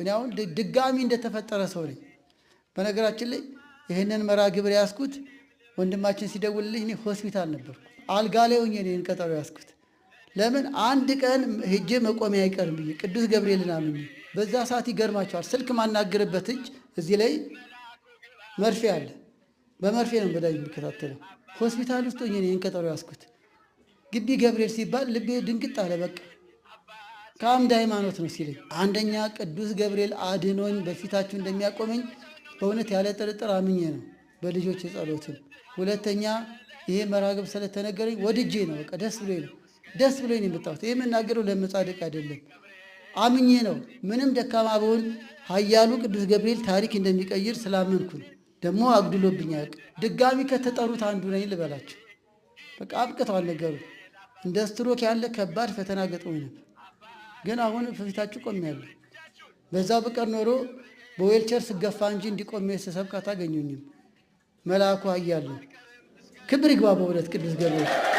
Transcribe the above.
እኔ አሁን ድጋሚ እንደተፈጠረ ሰው ነኝ። በነገራችን ላይ ይህንን መርሃ ግብር ያስኩት ወንድማችን ሲደውልልኝ እኔ ሆስፒታል ነበርኩ። አልጋ ላይ ሆኜ እኔን ቀጠሮ ያስኩት ለምን አንድ ቀን ሄጄ መቆሚያ አይቀርም ብዬ ቅዱስ ገብርኤልን አምኜ በዛ ሰዓት ይገርማቸዋል። ስልክ ማናገርበት እጅ እዚህ ላይ መርፌ አለ። በመርፌ ነው በዳጅ የሚከታተለው። ሆስፒታል ውስጥ ሆኜ ቀጠሮ ያስኩት ግቢ ገብርኤል ሲባል ልቤ ድንግጥ አለ በቃ ከአምድ ሃይማኖት ነው ሲለኝ፣ አንደኛ ቅዱስ ገብርኤል አድኖኝ በፊታችሁ እንደሚያቆመኝ በእውነት ያለ ጥርጥር አምኜ ነው በልጆች የጸሎትን። ሁለተኛ ይሄ መራግብ ስለተነገረኝ ወድጄ ነው። በቃ ደስ ብሎኝ ነው ደስ ብሎኝ ነው የመጣሁት። ይህ የምናገረው ለመጻደቅ አይደለም፣ አምኜ ነው። ምንም ደካማ በሆን ኃያሉ ቅዱስ ገብርኤል ታሪክ እንደሚቀይር ስላመንኩ ስላመንኩን ደግሞ አጉድሎብኛል። ድጋሚ ከተጠሩት አንዱ ነኝ ልበላቸው። በቃ አብቅተዋል ነገሩ። እንደ ስትሮክ ያለ ከባድ ፈተና ገጥሞኝ ነበር። ግን አሁን ፊታችሁ ቆሜያለሁ። በዛ ብቀር ኖሮ በዌልቸር ስገፋ እንጂ እንዲቆሜ ስሰብክ አታገኙኝም። መልአኩ አያሉ ክብር ይግባ በሁለት ቅዱስ ገብርኤል